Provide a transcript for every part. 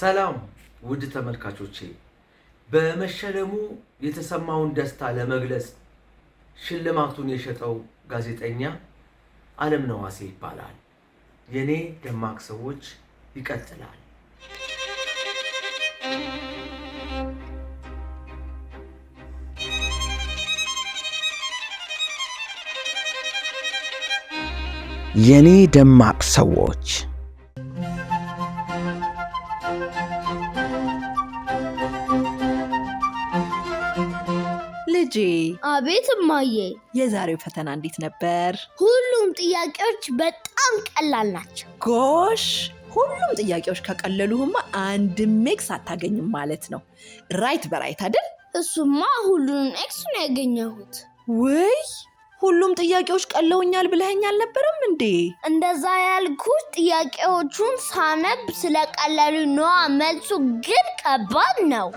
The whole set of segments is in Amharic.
ሰላም ውድ ተመልካቾቼ፣ በመሸለሙ የተሰማውን ደስታ ለመግለጽ ሽልማቱን የሸጠው ጋዜጠኛ አለምነህ ነዋሴ ይባላል። የኔ ደማቅ ሰዎች ይቀጥላል። የኔ ደማቅ ሰዎች ልጄ። አቤት እማዬ። የዛሬው ፈተና እንዴት ነበር? ሁሉም ጥያቄዎች በጣም ቀላል ናቸው። ጎሽ ሁሉም ጥያቄዎች ከቀለሉህማ አንድም ኤክስ አታገኝም ማለት ነው። ራይት በራይት አይደል? እሱማ ሁሉንም ኤክስ ነው ያገኘሁት። ውይ ሁሉም ጥያቄዎች ቀለውኛል ብለኸኝ አልነበረም እንዴ? እንደዛ ያልኩት ጥያቄዎቹን ሳነብ ስለቀለሉ ነዋ። መልሱ ግን ከባድ ነው።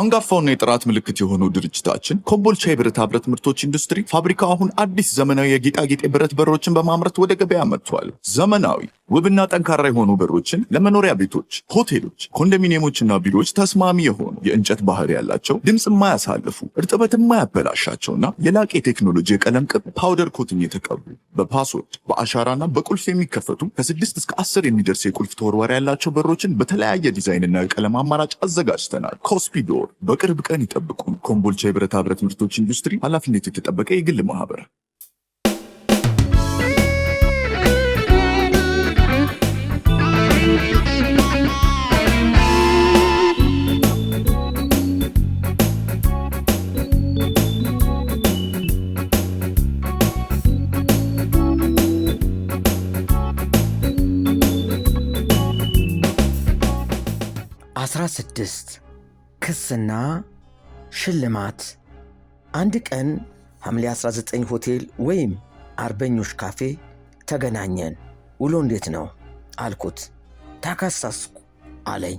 አንጋፋውና የጥራት ምልክት የሆነው ድርጅታችን ኮምቦልቻ የብረታ ብረት ምርቶች ኢንዱስትሪ ፋብሪካው አሁን አዲስ ዘመናዊ የጌጣጌጥ ብረት በሮችን በማምረት ወደ ገበያ መጥቷል። ዘመናዊ ውብና ጠንካራ የሆኑ በሮችን ለመኖሪያ ቤቶች፣ ሆቴሎች፣ ኮንዶሚኒየሞችና ቢሮዎች ተስማሚ የሆኑ የእንጨት ባህር ያላቸው ድምፅ የማያሳልፉ እርጥበት የማያበላሻቸውና የላቅ የቴክኖሎጂ የቀለም ቅብ ፓውደር ኮትኝ የተቀቡ በፓስወርድ በአሻራና በቁልፍ የሚከፈቱ ከስድስት እስከ አስር የሚደርስ የቁልፍ ተወርዋር ያላቸው በሮችን በተለያየ ዲዛይንና የቀለም አማራጭ አዘጋጅተናል። ኮስፒዶ ፎር በቅርብ ቀን ይጠብቁ። ኮምቦልቻ የብረታ ብረት ምርቶች ኢንዱስትሪ ኃላፊነቱ የተጠበቀ የግል ማህበር አስራ ስድስት ክስና ሽልማት አንድ ቀን ሐምሌ 19 ሆቴል ወይም አርበኞች ካፌ ተገናኘን። ውሎ እንዴት ነው አልኩት። ተከሰስኩ አለኝ።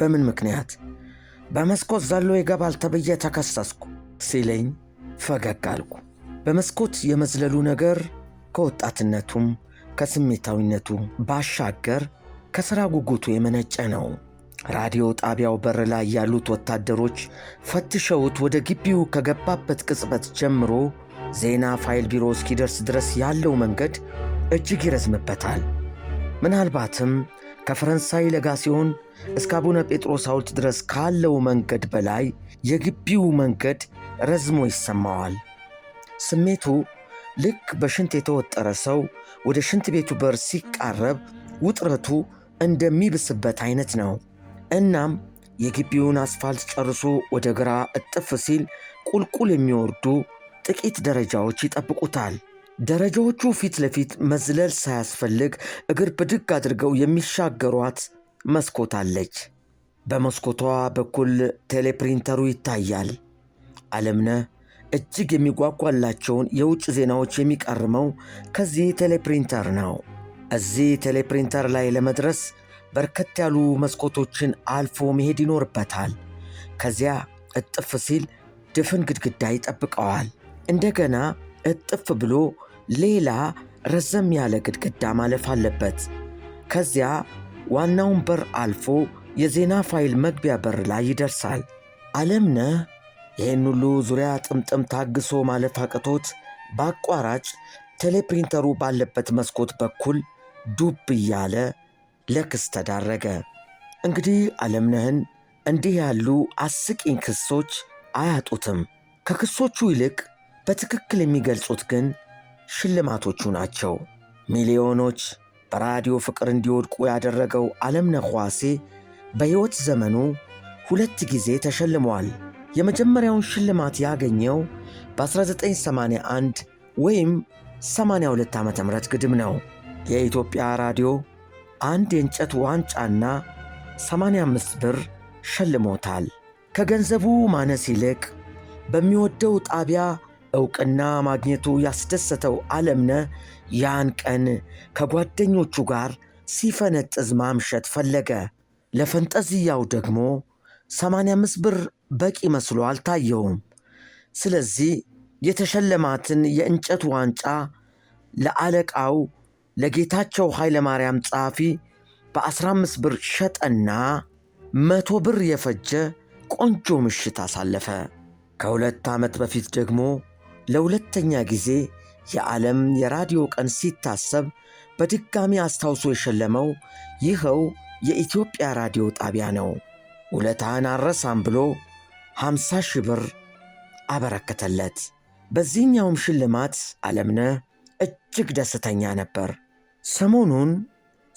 በምን ምክንያት? በመስኮት ዘሎ ይገባል ተብዬ ተከሰስኩ ሲለኝ ፈገግ አልኩ። በመስኮት የመዝለሉ ነገር ከወጣትነቱም ከስሜታዊነቱ ባሻገር ከሥራ ጉጉቱ የመነጨ ነው። ራዲዮ ጣቢያው በር ላይ ያሉት ወታደሮች ፈትሸውት ወደ ግቢው ከገባበት ቅጽበት ጀምሮ ዜና ፋይል ቢሮ እስኪደርስ ድረስ ያለው መንገድ እጅግ ይረዝምበታል። ምናልባትም ከፈረንሳይ ለጋ ሲሆን እስከ አቡነ ጴጥሮስ ሐውልት ድረስ ካለው መንገድ በላይ የግቢው መንገድ ረዝሞ ይሰማዋል። ስሜቱ ልክ በሽንት የተወጠረ ሰው ወደ ሽንት ቤቱ በር ሲቃረብ ውጥረቱ እንደሚብስበት አይነት ነው። እናም የግቢውን አስፋልት ጨርሶ ወደ ግራ እጥፍ ሲል ቁልቁል የሚወርዱ ጥቂት ደረጃዎች ይጠብቁታል። ደረጃዎቹ ፊት ለፊት መዝለል ሳያስፈልግ እግር ብድግ አድርገው የሚሻገሯት መስኮት አለች። በመስኮቷ በኩል ቴሌፕሪንተሩ ይታያል። አለምነህ እጅግ የሚጓጓላቸውን የውጭ ዜናዎች የሚቀርመው ከዚህ ቴሌፕሪንተር ነው። እዚህ ቴሌፕሪንተር ላይ ለመድረስ በርከት ያሉ መስኮቶችን አልፎ መሄድ ይኖርበታል። ከዚያ እጥፍ ሲል ድፍን ግድግዳ ይጠብቀዋል። እንደገና እጥፍ ብሎ ሌላ ረዘም ያለ ግድግዳ ማለፍ አለበት። ከዚያ ዋናውን በር አልፎ የዜና ፋይል መግቢያ በር ላይ ይደርሳል። አለምነህ ይህን ሁሉ ዙሪያ ጥምጥም ታግሶ ማለፍ አቅቶት በአቋራጭ ቴሌፕሪንተሩ ባለበት መስኮት በኩል ዱብ እያለ ለክስ ተዳረገ። እንግዲህ አለምነህን እንዲህ ያሉ አስቂኝ ክሶች አያጡትም። ከክሶቹ ይልቅ በትክክል የሚገልጹት ግን ሽልማቶቹ ናቸው። ሚሊዮኖች በራዲዮ ፍቅር እንዲወድቁ ያደረገው አለምነህ ዋሴ በሕይወት ዘመኑ ሁለት ጊዜ ተሸልሟል። የመጀመሪያውን ሽልማት ያገኘው በ1981 ወይም 82 ዓ ም ግድም ነው። የኢትዮጵያ ራዲዮ አንድ የእንጨት ዋንጫና 85 ብር ሸልሞታል። ከገንዘቡ ማነስ ይልቅ በሚወደው ጣቢያ ዕውቅና ማግኘቱ ያስደሰተው ዓለምነ ያን ቀን ከጓደኞቹ ጋር ሲፈነጥዝ ማምሸት ፈለገ። ለፈንጠዝያው ደግሞ 85 ብር በቂ መስሎ አልታየውም። ስለዚህ የተሸለማትን የእንጨት ዋንጫ ለአለቃው ለጌታቸው ኃይለ ማርያም ጸሐፊ በ15 ብር ሸጠና መቶ ብር የፈጀ ቆንጆ ምሽት አሳለፈ። ከሁለት ዓመት በፊት ደግሞ ለሁለተኛ ጊዜ የዓለም የራዲዮ ቀን ሲታሰብ በድጋሚ አስታውሶ የሸለመው ይኸው የኢትዮጵያ ራዲዮ ጣቢያ ነው። ውለታህን አረሳም ብሎ 50 ሺህ ብር አበረከተለት። በዚህኛውም ሽልማት ዓለምነህ እጅግ ደስተኛ ነበር። ሰሞኑን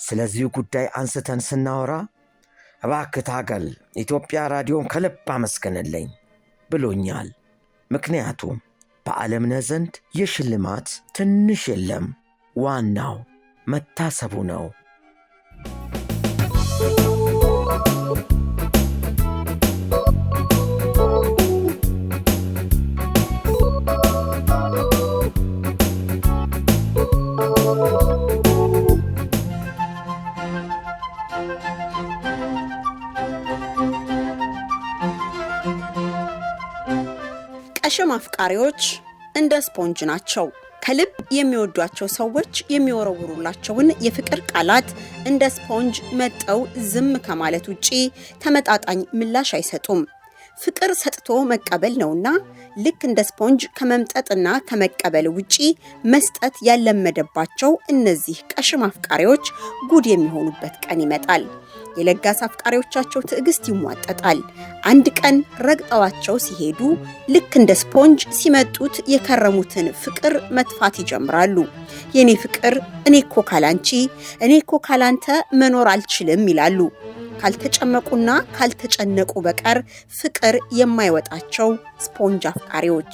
ስለዚህ ጉዳይ አንስተን ስናወራ እባክህ ታገል ኢትዮጵያ ራዲዮን ከልብ አመስግንልኝ ብሎኛል። ምክንያቱም በዓለምነህ ዘንድ የሽልማት ትንሽ የለም፣ ዋናው መታሰቡ ነው። የሽም አፍቃሪዎች እንደ ስፖንጅ ናቸው። ከልብ የሚወዷቸው ሰዎች የሚወረውሩላቸውን የፍቅር ቃላት እንደ ስፖንጅ መጠው ዝም ከማለት ውጪ ተመጣጣኝ ምላሽ አይሰጡም። ፍቅር ሰጥቶ መቀበል ነውና ልክ እንደ ስፖንጅ ከመምጠጥና ከመቀበል ውጪ መስጠት ያለመደባቸው እነዚህ ቀሽም አፍቃሪዎች ጉድ የሚሆኑበት ቀን ይመጣል። የለጋስ አፍቃሪዎቻቸው ትዕግስት ይሟጠጣል። አንድ ቀን ረግጠዋቸው ሲሄዱ ልክ እንደ ስፖንጅ ሲመጡት የከረሙትን ፍቅር መትፋት ይጀምራሉ። የእኔ ፍቅር እኔ እኮ ካላንቺ እኔ እኮ ካላንተ መኖር አልችልም ይላሉ። ካልተጨመቁና ካልተጨነቁ በቀር ፍቅር የማይወጣቸው ስፖንጅ አፍቃሪዎች።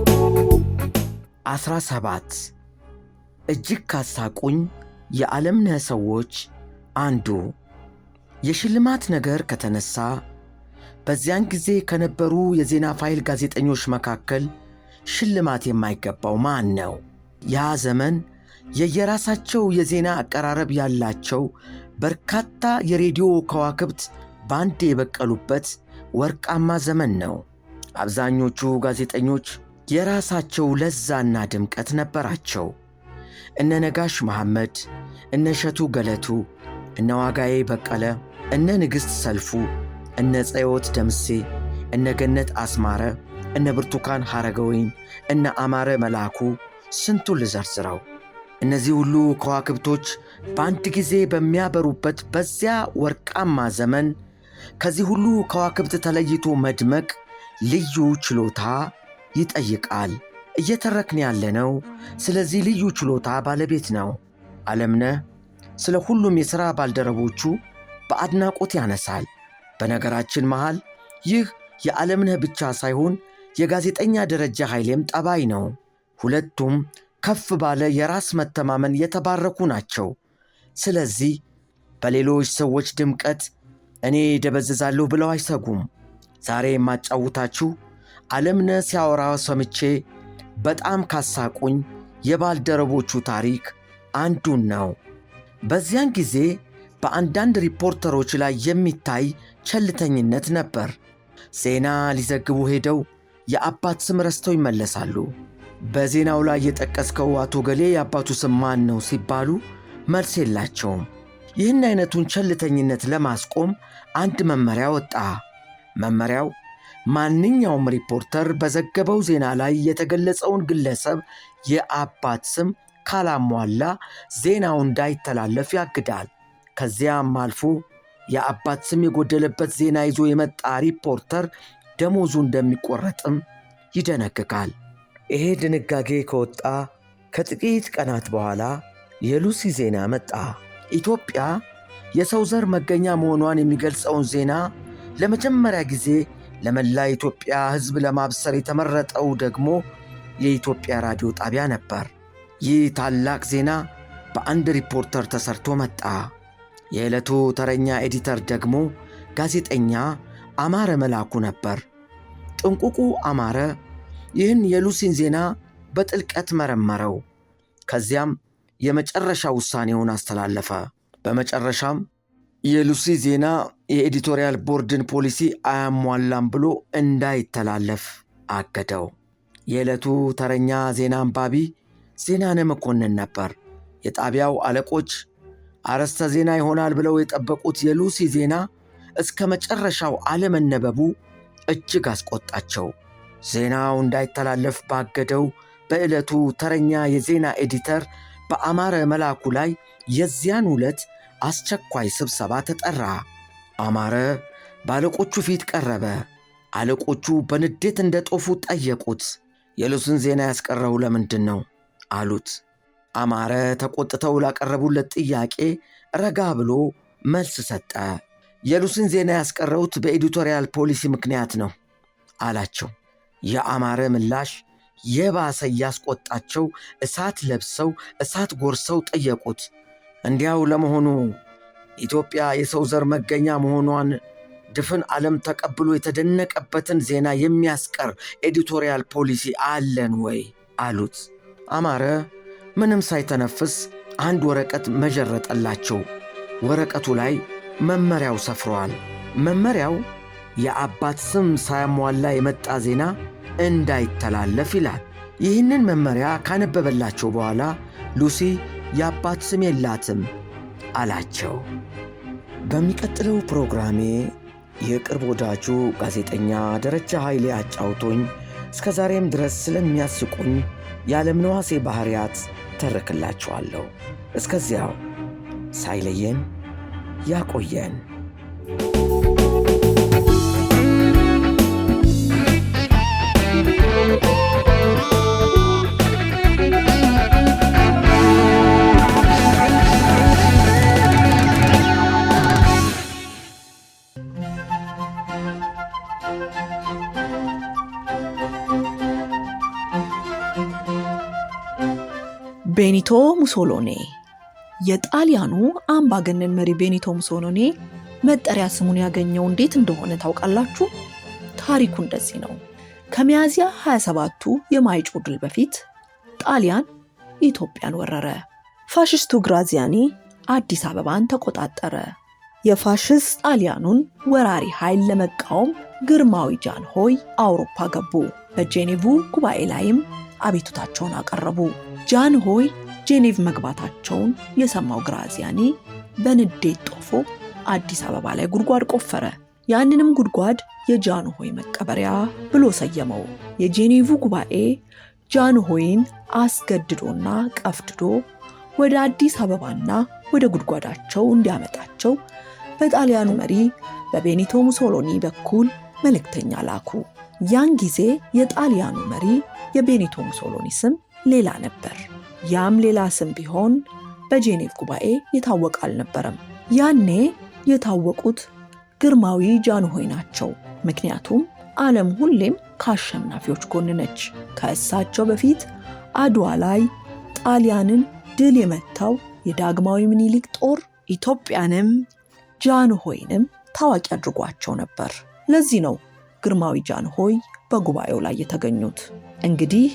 17 እጅግ ካሳቁኝ የዓለምነህ ሰዎች አንዱ የሽልማት ነገር ከተነሳ በዚያን ጊዜ ከነበሩ የዜና ፋይል ጋዜጠኞች መካከል ሽልማት የማይገባው ማን ነው? ያ ዘመን የየራሳቸው የዜና አቀራረብ ያላቸው በርካታ የሬዲዮ ከዋክብት በአንድ የበቀሉበት ወርቃማ ዘመን ነው። አብዛኞቹ ጋዜጠኞች የራሳቸው ለዛና ድምቀት ነበራቸው። እነ ነጋሽ መሐመድ፣ እነ ሸቱ ገለቱ፣ እነ ዋጋዬ በቀለ፣ እነ ንግሥት ሰልፉ፣ እነ ጸዮት ደምሴ፣ እነ ገነት አስማረ፣ እነ ብርቱካን ሐረገወይን፣ እነ አማረ መልአኩ ስንቱን ልዘርዝረው። እነዚህ ሁሉ ከዋክብቶች በአንድ ጊዜ በሚያበሩበት በዚያ ወርቃማ ዘመን ከዚህ ሁሉ ከዋክብት ተለይቶ መድመቅ ልዩ ችሎታ ይጠይቃል። እየተረክን ያለነው ስለዚህ ልዩ ችሎታ ባለቤት ነው አለምነ ስለ ሁሉም የሥራ ባልደረቦቹ በአድናቆት ያነሳል። በነገራችን መሃል ይህ የዓለምነህ ብቻ ሳይሆን የጋዜጠኛ ደረጃ ኃይሌም ጠባይ ነው። ሁለቱም ከፍ ባለ የራስ መተማመን የተባረኩ ናቸው። ስለዚህ በሌሎች ሰዎች ድምቀት እኔ ደበዝዛለሁ ብለው አይሰጉም። ዛሬ የማጫውታችሁ አለምነህ ሲያወራ ሰምቼ በጣም ካሳቁኝ የባልደረቦቹ ታሪክ አንዱን ነው። በዚያን ጊዜ በአንዳንድ ሪፖርተሮች ላይ የሚታይ ቸልተኝነት ነበር። ዜና ሊዘግቡ ሄደው የአባት ስም ረስተው ይመለሳሉ። በዜናው ላይ የጠቀስከው አቶ ገሌ የአባቱ ስም ማን ነው ሲባሉ መልስ የላቸውም። ይህን አይነቱን ቸልተኝነት ለማስቆም አንድ መመሪያ ወጣ። መመሪያው ማንኛውም ሪፖርተር በዘገበው ዜና ላይ የተገለጸውን ግለሰብ የአባት ስም ካላሟላ ዜናው እንዳይተላለፍ ያግዳል። ከዚያም አልፎ የአባት ስም የጎደለበት ዜና ይዞ የመጣ ሪፖርተር ደሞዙ እንደሚቆረጥም ይደነግጋል። ይሄ ድንጋጌ ከወጣ ከጥቂት ቀናት በኋላ የሉሲ ዜና መጣ። ኢትዮጵያ የሰው ዘር መገኛ መሆኗን የሚገልጸውን ዜና ለመጀመሪያ ጊዜ ለመላ የኢትዮጵያ ሕዝብ ለማብሰር የተመረጠው ደግሞ የኢትዮጵያ ራዲዮ ጣቢያ ነበር። ይህ ታላቅ ዜና በአንድ ሪፖርተር ተሰርቶ መጣ። የዕለቱ ተረኛ ኤዲተር ደግሞ ጋዜጠኛ አማረ መላኩ ነበር። ጥንቁቁ አማረ ይህን የሉሲን ዜና በጥልቀት መረመረው። ከዚያም የመጨረሻ ውሳኔውን አስተላለፈ። በመጨረሻም የሉሲ ዜና የኤዲቶሪያል ቦርድን ፖሊሲ አያሟላም ብሎ እንዳይተላለፍ አገደው። የዕለቱ ተረኛ ዜና አንባቢ ዜናነ መኮንን ነበር። የጣቢያው አለቆች አርዕስተ ዜና ይሆናል ብለው የጠበቁት የሉሲ ዜና እስከ መጨረሻው አለመነበቡ እጅግ አስቆጣቸው። ዜናው እንዳይተላለፍ ባገደው በዕለቱ ተረኛ የዜና ኤዲተር በአማረ መላኩ ላይ የዚያን ዕለት አስቸኳይ ስብሰባ ተጠራ። አማረ በአለቆቹ ፊት ቀረበ። አለቆቹ በንዴት እንደ ጦፉ ጠየቁት። የሉስን ዜና ያስቀረው ለምንድን ነው አሉት። አማረ ተቆጥተው ላቀረቡለት ጥያቄ ረጋ ብሎ መልስ ሰጠ። የሉስን ዜና ያስቀረውት በኤዲቶሪያል ፖሊሲ ምክንያት ነው አላቸው። የአማረ ምላሽ የባሰ እያስቆጣቸው እሳት ለብሰው እሳት ጎርሰው ጠየቁት። እንዲያው ለመሆኑ ኢትዮጵያ የሰው ዘር መገኛ መሆኗን ድፍን ዓለም ተቀብሎ የተደነቀበትን ዜና የሚያስቀር ኤዲቶሪያል ፖሊሲ አለን ወይ አሉት። አማረ ምንም ሳይተነፍስ አንድ ወረቀት መጀረጠላቸው። ወረቀቱ ላይ መመሪያው ሰፍረዋል። መመሪያው የአባት ስም ሳያሟላ የመጣ ዜና እንዳይተላለፍ ይላል። ይህንን መመሪያ ካነበበላቸው በኋላ ሉሲ የአባት ስም የላትም አላቸው። በሚቀጥለው ፕሮግራሜ የቅርብ ወዳጁ ጋዜጠኛ ደረጃ ኃይሌ አጫውቶኝ እስከ ዛሬም ድረስ ስለሚያስቁኝ የዓለም ነዋሴ ባሕርያት ተረክላችኋለሁ። እስከዚያው ሳይለየን ያቆየን። ቤኒቶ ሙሶሎኔ የጣሊያኑ አምባገነን መሪ ቤኒቶ ሙሶሎኔ መጠሪያ ስሙን ያገኘው እንዴት እንደሆነ ታውቃላችሁ? ታሪኩ እንደዚህ ነው። ከሚያዚያ 27ቱ የማይጮ ድል በፊት ጣሊያን ኢትዮጵያን ወረረ። ፋሽስቱ ግራዚያኒ አዲስ አበባን ተቆጣጠረ። የፋሽስት ጣሊያኑን ወራሪ ኃይል ለመቃወም ግርማዊ ጃን ሆይ አውሮፓ ገቡ። በጄኔቭ ጉባኤ ላይም አቤቱታቸውን አቀረቡ። ጃን ሆይ ጄኔቭ መግባታቸውን የሰማው ግራዚያኒ በንዴት ጦፎ አዲስ አበባ ላይ ጉድጓድ ቆፈረ። ያንንም ጉድጓድ የጃንሆይ መቀበሪያ ብሎ ሰየመው። የጄኔቭ ጉባኤ ጃንሆይን አስገድዶና ቀፍድዶ ወደ አዲስ አበባና ወደ ጉድጓዳቸው እንዲያመጣቸው በጣሊያኑ መሪ በቤኒቶ ሙሶሎኒ በኩል መልእክተኛ ላኩ። ያን ጊዜ የጣሊያኑ መሪ የቤኒቶ ሙሶሎኒ ስም ሌላ ነበር። ያም ሌላ ስም ቢሆን በጄኔቭ ጉባኤ የታወቀ አልነበረም። ያኔ የታወቁት ግርማዊ ጃንሆይ ናቸው። ምክንያቱም ዓለም ሁሌም ከአሸናፊዎች ጎን ነች። ከእሳቸው በፊት አድዋ ላይ ጣሊያንን ድል የመታው የዳግማዊ ምኒልክ ጦር ኢትዮጵያንም ጃንሆይንም ታዋቂ አድርጓቸው ነበር። ለዚህ ነው ግርማዊ ጃንሆይ በጉባኤው ላይ የተገኙት። እንግዲህ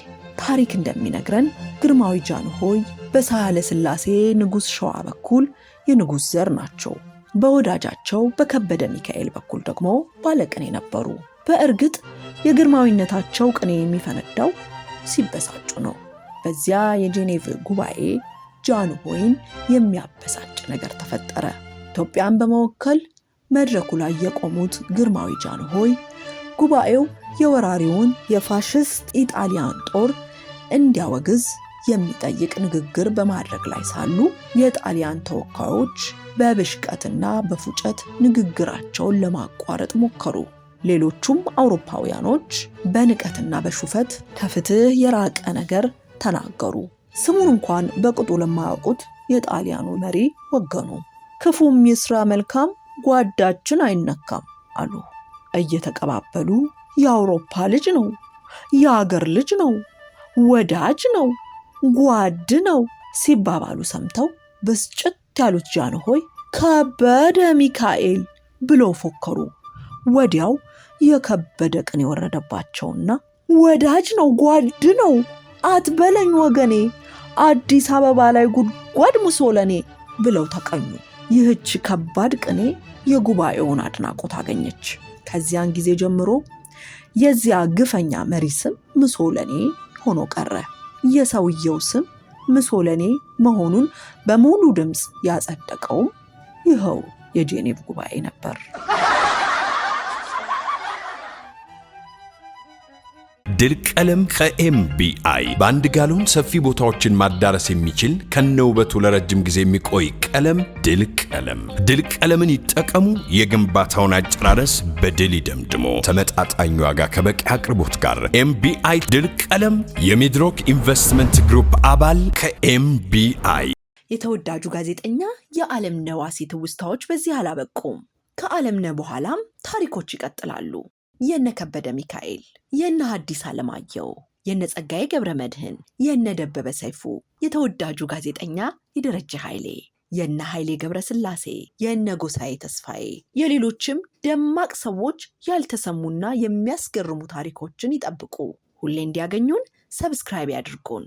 ታሪክ እንደሚነግረን ግርማዊ ጃንሆይ በሳህለ ሥላሴ ንጉሥ ሸዋ በኩል የንጉሥ ዘር ናቸው። በወዳጃቸው በከበደ ሚካኤል በኩል ደግሞ ባለቅኔ ነበሩ። በእርግጥ የግርማዊነታቸው ቅኔ የሚፈነዳው ሲበሳጩ ነው። በዚያ የጄኔቭ ጉባኤ ጃንሆይን የሚያበሳጭ ነገር ተፈጠረ። ኢትዮጵያን በመወከል መድረኩ ላይ የቆሙት ግርማዊ ጃንሆይ ጉባኤው የወራሪውን የፋሽስት ኢጣሊያን ጦር እንዲያወግዝ የሚጠይቅ ንግግር በማድረግ ላይ ሳሉ የጣሊያን ተወካዮች በብሽቀትና በፉጨት ንግግራቸውን ለማቋረጥ ሞከሩ። ሌሎቹም አውሮፓውያኖች በንቀትና በሹፈት ከፍትህ የራቀ ነገር ተናገሩ። ስሙን እንኳን በቅጡ ለማያውቁት የጣሊያኑ መሪ ወገኑ። ክፉም ይስራ መልካም ጓዳችን አይነካም አሉ። እየተቀባበሉ የአውሮፓ ልጅ ነው፣ የአገር ልጅ ነው ወዳጅ ነው፣ ጓድ ነው ሲባባሉ ሰምተው ብስጭት ያሉት ጃንሆይ ከበደ ሚካኤል ብለው ፎከሩ። ወዲያው የከበደ ቅን የወረደባቸውና ወዳጅ ነው፣ ጓድ ነው፣ አትበለኝ ወገኔ፣ አዲስ አበባ ላይ ጉድጓድ ሙሶለኔ ብለው ተቀኙ። ይህች ከባድ ቅኔ የጉባኤውን አድናቆት አገኘች። ከዚያን ጊዜ ጀምሮ የዚያ ግፈኛ መሪ ስም ምሶለኔ ሆኖ ቀረ። የሰውየው ስም ምሶለኔ መሆኑን በሙሉ ድምፅ ያጸደቀውም ይኸው የጄኔቭ ጉባኤ ነበር። ድል ቀለም ከኤምቢአይ በአንድ ጋሎን ሰፊ ቦታዎችን ማዳረስ የሚችል ከነውበቱ ለረጅም ጊዜ የሚቆይ ቀለም ድል ቀለም። ድል ቀለምን ይጠቀሙ። የግንባታውን አጨራረስ በድል ይደምድሞ። ተመጣጣኝ ዋጋ ከበቂ አቅርቦት ጋር ኤምቢአይ ድል ቀለም የሚድሮክ ኢንቨስትመንት ግሩፕ አባል ከኤምቢአይ። የተወዳጁ ጋዜጠኛ የዓለምነህ ዋሴ ትውስታዎች በዚህ አላበቁም። ከዓለምነህ በኋላም ታሪኮች ይቀጥላሉ። የነ ከበደ ሚካኤል፣ የነ ሐዲስ ዓለማየሁ፣ የነ ጸጋዬ ገብረ መድህን፣ የነ ደበበ ሰይፉ፣ የተወዳጁ ጋዜጠኛ የደረጀ ኃይሌ፣ የነ ኃይሌ ገብረ ስላሴ፣ የነ ጎሳዬ ተስፋዬ፣ የሌሎችም ደማቅ ሰዎች ያልተሰሙና የሚያስገርሙ ታሪኮችን ይጠብቁ። ሁሌ እንዲያገኙን ሰብስክራይብ ያድርጉን።